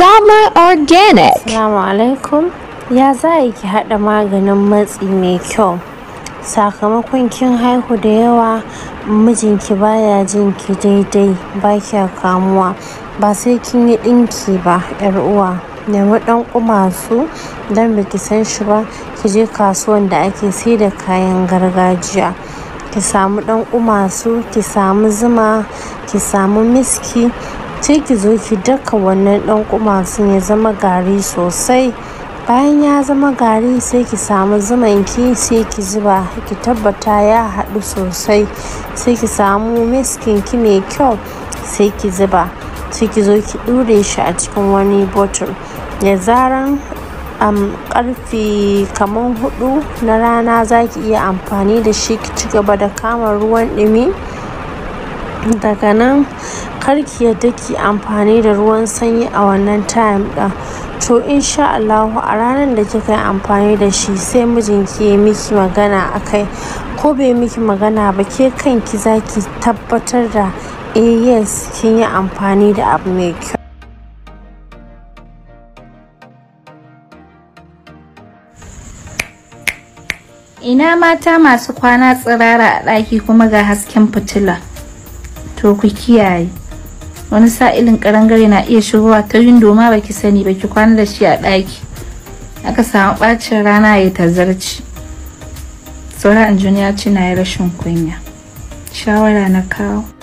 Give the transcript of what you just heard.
Summer Organic. Assalamu alaikum. Ya za a ki haɗa maganin matsi mai kyau. Sakamakon kin haihu da yawa mijinki baya jin ki daidai ba kya kamuwa. Ba sai kin yi ɗinki ba ‘yar uwa. Nemi ɗan ƙumasu don ba san shi ba ki je kasuwan da ake sai da kayan gargajiya. Ki samu ɗan ƙumasu, ki samu zuma, ki samu miski sai ki zo ki daka wannan kuma sun ya zama gari sosai bayan ya zama gari sai ki samu zuman ki sai ki zuba ki tabbata ya haɗu sosai sai ki samu miskin ki mai kyau sai ki zuba sai ki zo ki ɗure shi a cikin wani bottle ya zaran um, karfe kaman hudu na rana za ki iya amfani da shi ki ci gaba da kama ruwan ɗumi daga nan kar ki yadda ki amfani da ruwan sanyi a wannan time ɗin to insha Allahu a ranar da kika yi amfani da shi sai mijinki ya miki magana akai ko bai miki magana ba ke kanki za ki tabbatar da eh yes kin yi amfani da abu mai kyau ina mata masu kwana tsirara a ɗaki kuma ga hasken fitila to ku kiyaye wani sa'ilin karangare na iya shigowa ta windo ma baki sani baki kwana da shi a ɗaki aka samu ɓacin rana ya tazarci saura ya ci na yi rashin kunya shawara na kawo